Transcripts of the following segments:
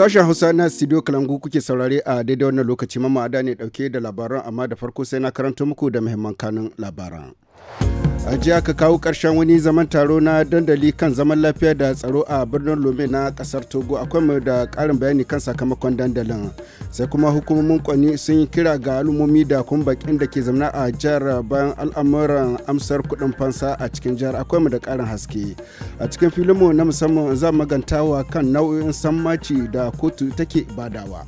Sashen Hausa na Studio Kalangu kuke saurare a daidai wannan lokaci mamada ne dauke da labaran amma da farko sai na karanta muku da muhimman kanun labaran. a jiya aka kawo ƙarshen wani zaman taro na dandali kan zaman lafiya da tsaro a birnin lome na ƙasar togo akwai mu da ƙarin bayani kan sakamakon dandalin sai kuma hukumomin kwani sun yi kira ga al'ummomi da kuma bakin da ke zamana a jihar bayan al'amuran amsar kuɗin fansa a cikin jihar akwai mu da ƙarin haske a cikin filinmu na musamman za magantawa kan nau'in sammaci da kotu take badawa.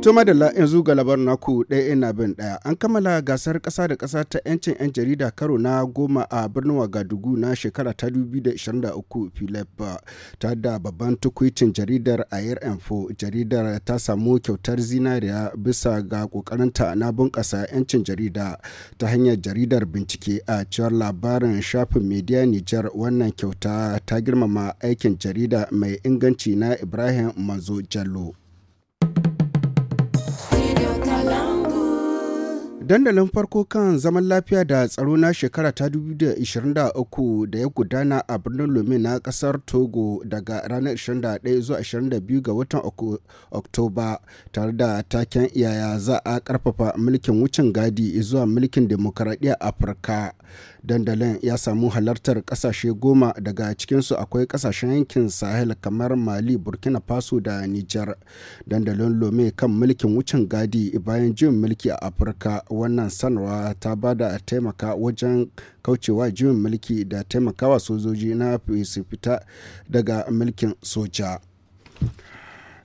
To madalla yanzu ga labar naku ɗaya ina bin ɗaya an kammala gasar ƙasa da ƙasa ta 'yancin 'yan jarida karo na goma a birnin Wagadugu na shekara ta 2023 Philip ta da babban tukwicin jaridar Ayer Info jaridar ta samu kyautar zinariya bisa ga ƙoƙarinta na bunƙasa 'yancin jarida ta hanyar jaridar bincike a cewar labarin shafin Media Niger wannan kyauta ta girmama aikin jarida mai inganci na Ibrahim Manzo Jallo. dandalin farko kan zaman lafiya da tsaro na shekara ta 2023 da ya gudana a birnin lome na kasar togo daga ranar 21 zuwa 22 ga watan oktoba tare da taken iyaya za a karfafa mulkin wucin gadi zuwa mulkin demokaradiyyar afirka dandalin ya samu halartar kasashe goma daga cikinsu akwai kasashen yankin sahel kamar mali burkina faso da nijar dandalin lome kan mulkin wucin gadi bayan jin mulki a afirka wannan sanarwa ta bada taimaka wajen kaucewa juyin mulki da taimakawa sojoji na su fita daga mulkin soja.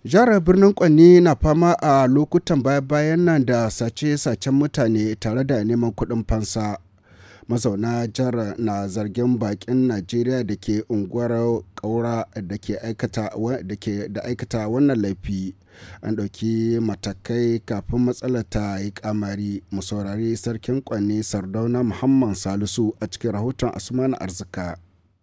jihar birnin kwanni na fama a lokutan baya-bayan nan da sace-sacen mutane tare da neman kuɗin fansa mazauna jihar na zargin bakin najeriya da ke unguwar kaura da ke aikata wannan laifi an ɗauki matakai kafin matsala ta yi kamari mu saurari sarkin kwanne sardauna muhammad salisu a cikin rahoton asuman arzika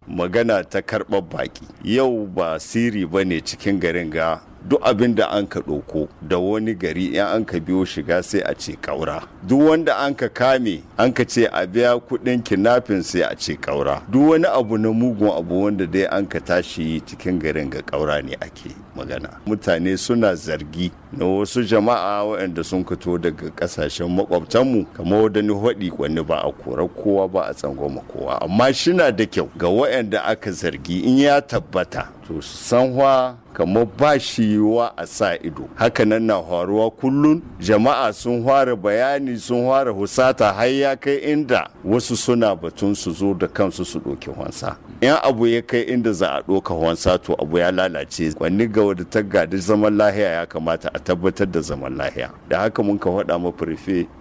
magana ta karɓar baki yau ba siri ba ne cikin garin ga duk abin da an ka ɗauko da wani gari in an ka biyo shiga sai a ce ƙaura duk wanda an ka kame an ka ce a biya kuɗin kinafin sai a ce ƙaura duk wani abu na mugun abu wanda dai an ka tashi cikin garin ga ƙaura ne ake magana mutane suna zargi na wasu jama'a waɗanda sun fito daga ƙasashen maƙwabtanmu. kamar wadda ni haɗi wani ba a kora kowa ba a tsangwama kowa amma shina da kyau ga waɗanda aka zargi in ya tabbata to sanwa kamar ba shi yiwuwa a sa ido hakanan na faruwa kullun jama'a sun fara bayani sun fara husata har ya kai inda wasu suna batun su zo da kansu su ɗauki wansa in abu ya kai inda za a ɗauka wansa to abu ya lalace wani ga wadda ta gadi zaman lahiya ya kamata a tabbatar da zaman lahiya da haka mun ka faɗa ma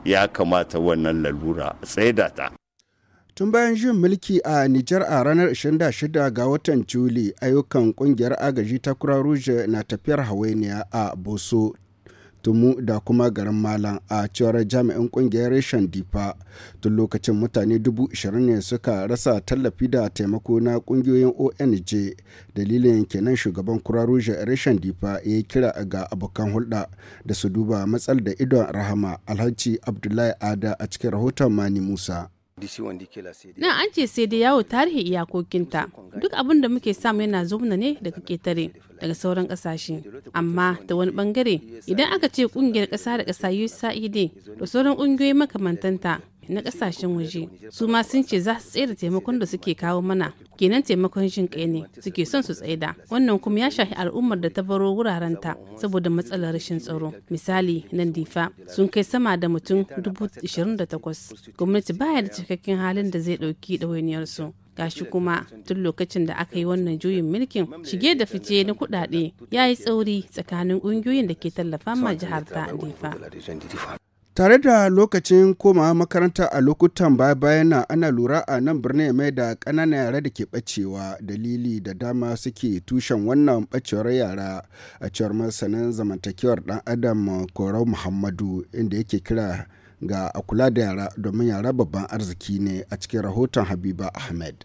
ya kamata wannan lalura tsaida ta Tun bayan jin mulki a Nijar a ranar 26 ga watan Juli, ayyukan kungiyar agaji ta Kura Rouge na tafiyar hawainiya a Boso tumu da kuma garin malam a cewar jami'in kungiyar reshen difa tun lokacin mutane dubu ne suka rasa tallafi da taimako na kungiyoyin ong dalilin kenan shugaban kurarushe reshen difa ya yi kira ga abokan hulɗa da su duba matsal da idon rahama alhaji abdullahi ada a cikin rahoton mani musa Na an ce sai dai yawo tarihi iyakokinta duk abin da muke samu yana zumna ne daga ketare daga sauran kasashe amma da wani bangare idan aka ce kungiyar kasa da kasa USAID da sauran kungiyoyi makamantanta na kasashen waje su ma sun ce za su tsaye da taimakon da suke kawo mana kenan taimakon jin kai ne suke son su tsaida wannan kuma ya shafi al'ummar da ta baro ta saboda matsalar rashin tsaro misali nan difa sun kai sama da mutum 28,000 gwamnati baya da cikakken halin da zai ɗauki ɗawainiyarsu su gashi kuma tun lokacin da aka yi wannan juyin mulkin shige da fice na kudade ya yi tsauri tsakanin ƙungiyoyin da ke tallafa ma jihar ta difa Tare da lokacin koma makaranta a lokutan baya bayan na ana lura a nan birnin mai da ƙananan yara da ke ɓacewa dalili da dama suke tushen wannan ɓacewar yara a cewar masanin zamantakewar dan adam korau muhammadu inda yake kira ga a kula da yara domin yara babban arziki ne a cikin rahoton habiba ahmed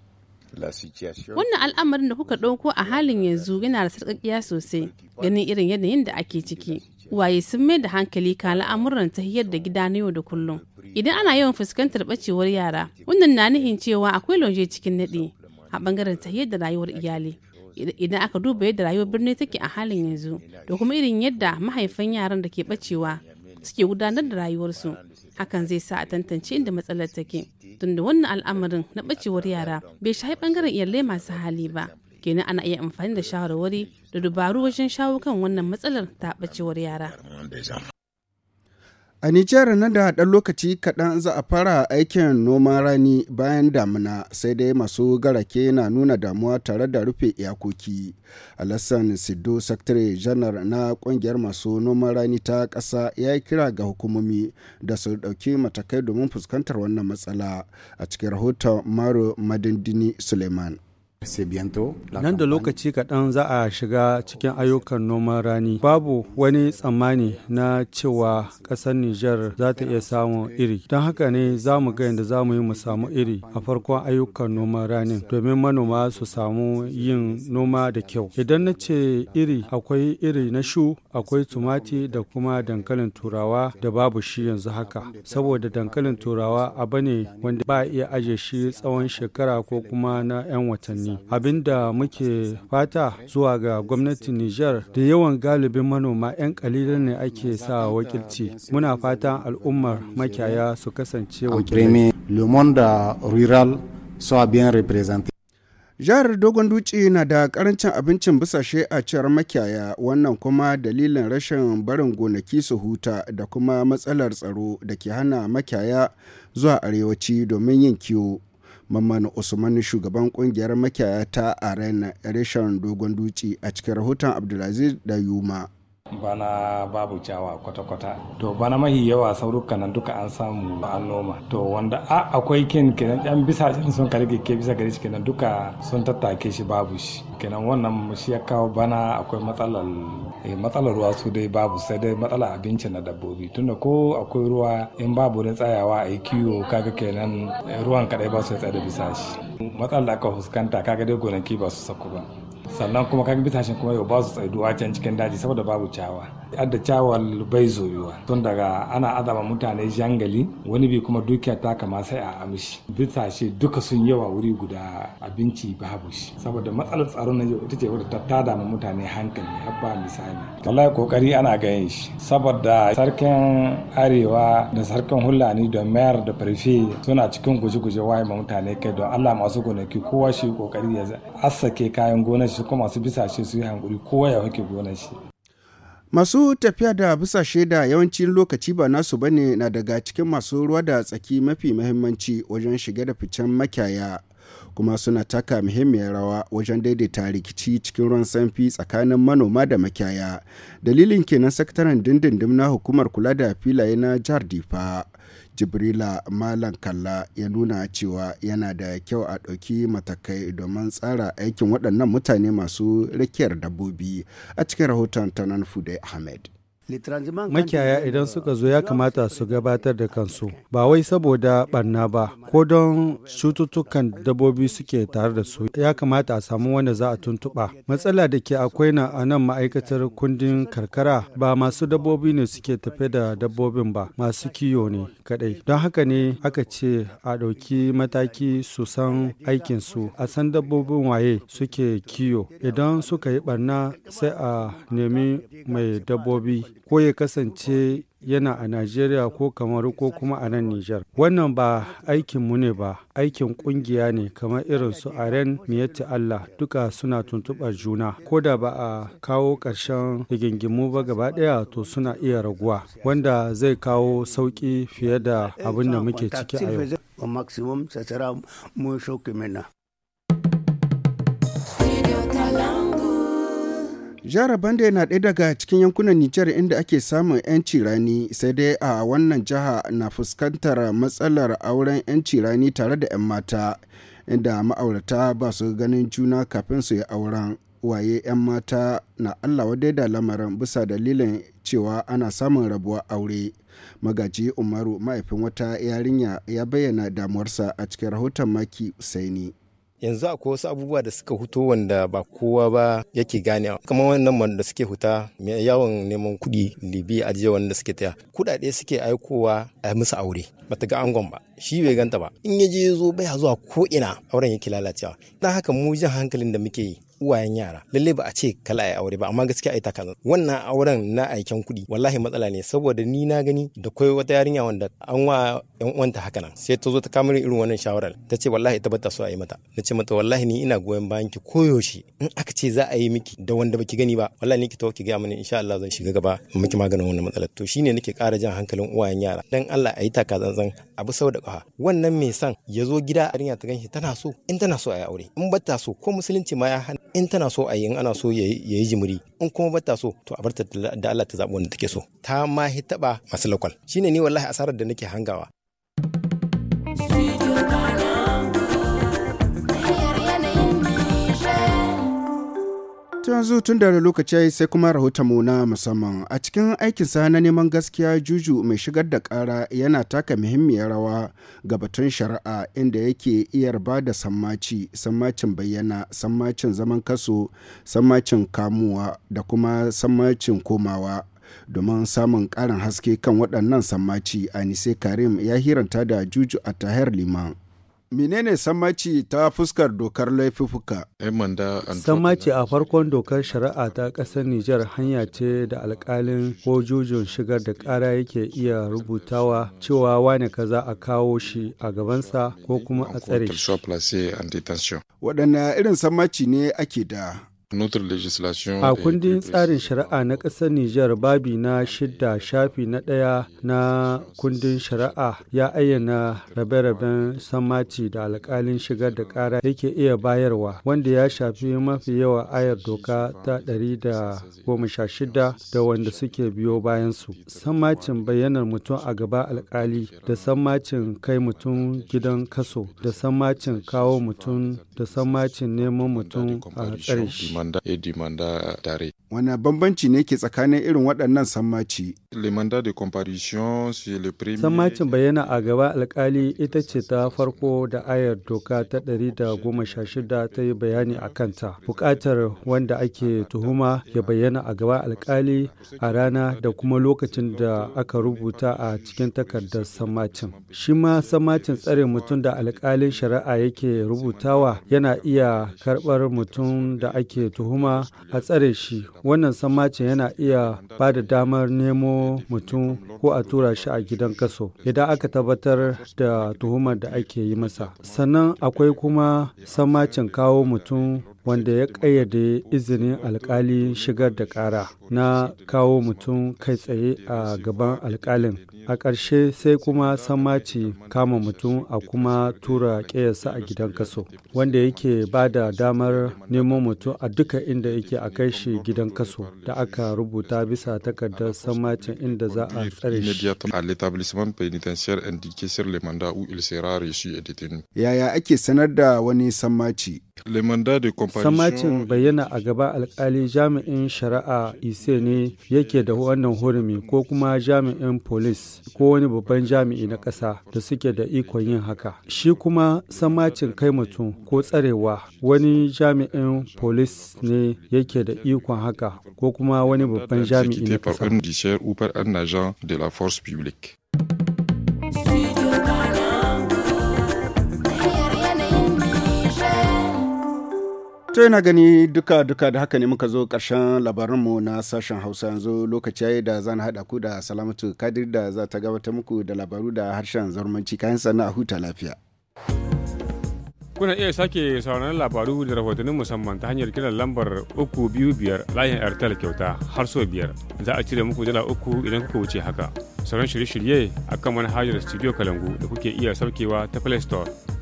Wannan al'amarin da kuka ɗauko a halin yanzu yana da sarƙaƙiya sosai ganin irin yanayin da ake ciki. Waye sun mai da hankali kan al'amuran tahiyar da gida na yau da kullum. Idan ana yawan fuskantar bacewar yara, wannan na nihin cewa akwai lauje cikin nadi a bangaren tahiyar da rayuwar iyali. Idan aka duba yadda rayuwar birni take a halin yanzu da kuma irin yadda mahaifan yaran da ke bacewa suke gudanar da rayuwarsu, hakan zai sa a tantance inda matsalar take. Tunda wannan al'amarin na bacewar yara bai shahi bangaren iyalai masu hali ba. kenan ana iya amfani da shawarwari da dubaru wajen shawo kan wannan matsalar ta bacewar yara A Nijar nan da ɗan lokaci kaɗan za a fara aikin noman rani bayan damina sai dai masu garake na nuna damuwa tare da rufe iyakoki. Alassan Sido Sakitare Janar na ƙungiyar masu noman rani ta ƙasa ya yi kira ga hukumomi da su ɗauki matakai domin fuskantar wannan matsala a cikin rahoton Maro Madindini Suleiman. Nan da lokaci kaɗan za a shiga cikin ayyukan noman rani. Babu wani tsammani na cewa ƙasar Nijar za ta iya samun iri. Don haka ne za mu ga yadda za mu yi mu samu iri a farkon ayyukan noman rani domin manoma su samu yin noma da kyau. Idan na ce iri akwai iri na shu, akwai tumati da kuma dankalin turawa da babu shi yanzu haka. Saboda dankalin turawa abu ne wanda ba iya aje shi tsawon shekara ko kuma na 'yan watanni. abinda abin da muke fata zuwa ga gwamnatin Nijar da yawan galibin manoma 'yan kalilan ne ake sa wakilci muna fatan al'ummar makiyaya su kasance wakilai. rural Jihar Dogon Duci na da karancin abincin busashe a cewar makiyaya wannan kuma dalilin rashin barin gonaki su huta da kuma matsalar tsaro da ke hana makiyaya zuwa arewaci domin yin kiwo. Mamman Usman shugaban kungiyar makiyaya ta Arena reshen Dogon dutse a cikin rahoton Abdulaziz da yuma bana babu cawa kwata-kwata to bana mahi yawa sauruka nan duka an samu an noma to wanda a akwai kin kenan yan bisa jin sun karge ke bisa gari shi kenan duka sun tattake shi babu shi kenan wannan shi ya kawo bana akwai matsalar eh, matsalar ruwa su dai babu sai dai matsalar abinci na dabbobi tunda ko akwai ruwa in babu wurin tsayawa a yi kiwo kaga kenan eh, ruwan kadai ba su ya bisa shi matsalar da aka fuskanta kaga dai gonaki ba su sako ba sannan kuma kan bisashen kuma yau ba su tsaiduwa can cikin daji saboda babu cawa yadda da bai zoyuwa tun daga ana adama mutane jangali wani bi kuma dukiya ta kama sai a amshi bisashe duka sun yawa wuri guda abinci babu shi saboda matsalar tsaro na yau ita ce wadda ta tada ma mutane hankali har ba misali wallahi kokari ana ganin shi saboda sarkin arewa da sarkin hulani da mayar da farfe suna cikin guje-guje waye ma mutane kai don Allah masu gonaki kowa shi kokari ya sake kayan gonar su kuma masu shi su yi hankuri kowa ya wake gonar shi masu tafiya da bisashe da yawancin lokaci ba nasu ne na daga cikin masu ruwa da tsaki mafi mahimmanci wajen shiga da ficen makyaya kuma suna taka muhimmiyar rawa wajen daidaita rikici cikin ruwan sanfi tsakanin manoma da makyaya dalilin kenan sakataren dindindim na hukumar kula da filaye na jihar difa jibrila malam kalla ya nuna cewa yana da kyau a ɗauki matakai domin tsara aikin waɗannan mutane masu rikiyar dabbobi a cikin rahoton tanan fude ahmed Makiyaya idan suka zo ya kamata su gabatar da kansu, ba wai saboda barna ba, ko don cututtukan dabbobi suke tare da su ya kamata a samu wanda za a tuntuɓa. Matsala da ke akwai na a nan ma'aikatar kundin karkara ba masu dabbobi ne suke tafe da dabbobin ba, masu kiyo ne kadai. Don haka ne aka ce a ɗauki mataki su san aikinsu, a san dabbobin waye suke kiyo. Idan suka yi barna sai a nemi mai dabbobi ko ya kasance yana a Najeriya ko kamar ko kuma a nan Nijar. Wannan ba aikin mu ne ba, aikin kungiya ne kamar irin su Aren Miyatti Allah duka suna tuntuɓar juna. Ko da ba a kawo ƙarshen rigingimu ba gaba ɗaya to suna iya raguwa, wanda zai kawo sauƙi fiye da abin da muke ciki a yau. Jihar Banda yana ɗaya daga cikin yankunan Nijar inda ake samun 'yanci rani sai dai a wannan jiha na fuskantar matsalar auren 'yanci rani tare da 'yan mata inda ma'aurata ba su ganin juna kafin su yi auren waye 'yan mata na Allah wadai da lamarin bisa dalilin cewa ana samun rabuwa aure. Magaji Umaru mahaifin wata yarinya ya bayyana damuwarsa a cikin rahoton Maki Usaini. yanzu akwai wasu abubuwa da suka huto wanda ba kowa ba yake gane kamar wannan man da suke huta mai yawon neman kuɗi libi ajiye wanda suke taya kuɗaɗe suke aikowa a musu aure bata ga angon ba shi bai ganta ba in yaje je zo baya zuwa ko ina auren yake lalacewa dan haka mu jan hankalin da muke yi uwayen yara lalle ba a ce kala ai aure ba amma gaskiya ai takaza wannan auren na aikin kuɗi wallahi matsala ne saboda ni na gani da koyi wata yarinya wanda an wa yan uwanta haka nan sai ta zo ta kamar irin wannan shawara. ta ce wallahi ta bata so a yi mata na ce mata wallahi ni ina goyon bayan ki koyaushe in aka ce za a yi miki da wanda baki gani ba wallahi ni ki tawo ki ga mini insha Allah zan shiga gaba in miki maganin wannan matsalar to shine nake ƙara jan hankalin uwayen yara dan Allah ayi taka tsantsan abu sau da ƙafa wannan mai san ya zo gida yarinya ta ganshi tana so in tana so a yi aure in bata so ko musulunci ma ya hana in tana so a yi in ana so ya yi jimiri in kuma bata so to a barta da Allah ta zaɓi wanda take so ta ma taɓa masu lakwal shine ni wallahi asarar da nake hangawa. yanzu tun da lokaci sai kuma mu na musamman a cikin aikinsa na neman gaskiya juju mai shigar da ƙara yana taka muhimmiyar rawa ga batun shari'a inda yake iyar ba da sammaci sammacin bayyana sammacin zaman kaso sammacin kamuwa da kuma sammacin komawa domin samun karin haske kan waɗannan sammaci anise karim ya hiranta da juju a tahir liman menene samaci ta fuskar dokar laifuka? Samaci a farkon dokar shari'a ta ƙasar Nijar hanya ce da alƙalin ko jujun shigar da ƙara yake iya rubutawa cewa wane kaza a kawo shi a gabansa ko kuma a tsare shi. Waɗanne irin samaci ne ake da A kundin tsarin shari'a na ƙasar Nijar babi na shidda shafi na ɗaya na kundin shari'a ya ayyana rabe-raben samaci da alƙalin shigar da ƙara yake iya bayarwa wanda ya shafi mafi yawa ayar doka ta 116 da wanda suke biyo bayansu. Sammacin bayyanar mutum a gaba alƙali da sammacin kai mutum gidan kaso da sammacin kawo mutum da sammacin neman mutum a tsare limanda et eh, du mandat eh, Wane bambanci ne ke tsakanin irin waɗannan sammaci? Limanda de comparution c'est le premier. Sammacin bayyana a gaba alkali ita ce ta farko da ayar doka ta ɗari da goma 116 ta yi bayani a kanta. buƙatar wanda ake tuhuma ya bayyana a gaba alkali a rana da kuma lokacin da aka rubuta a cikin takardar sammacin. Shi ma sammacin tsare mutum da alkalin shari'a yake rubutawa yana iya karɓar mutum da ake da tuhuma a tsare shi wannan sammacin yana iya ba da damar nemo mutum ko a tura shi a gidan kaso idan aka tabbatar da tuhumar da ake yi masa sannan akwai kuma sammacin kawo mutum wanda ya kayyade izinin alkali shigar da kara na kawo mutum kai tsaye a gaban alkalin a ƙarshe sai kuma sammaci kama mutum a kuma tura ƙeyarsa a gidan kaso wanda yake ba da damar neman mutum a duka inda yake a kai shi gidan kaso da aka rubuta bisa takardar sammacin inda za a tsare shi yaya ake sanar da wani sammaci Samacin bayyana a gaba alkali jami'in shari'a ise ne yake da wannan hurumi ko kuma jami'in polis ko wani babban jami'i na ƙasa da suke da ikon yin haka. Shi kuma samacin kai mutum ko tsarewa wani jami'in polis ne yake da ikon haka ko kuma wani babban jami'i na ƙasa. To yana gani duka-duka da haka ne muka zo ƙarshen labarinmu na sashen Hausa yanzu lokaci yi da zan haɗa ku da Salamatu Kadir da za ta gabata muku da labaru da harshen zarumanci kayan sana a huta lafiya. Kuna iya sake sauran labaru da rahotannin musamman ta hanyar kiran lambar 325 layin Airtel kyauta har so biyar. Za a cire muku dala uku idan kuka wuce haka. Sauran shirye-shirye akan manhajar Studio Kalangu da kuke iya saukewa ta Play Store.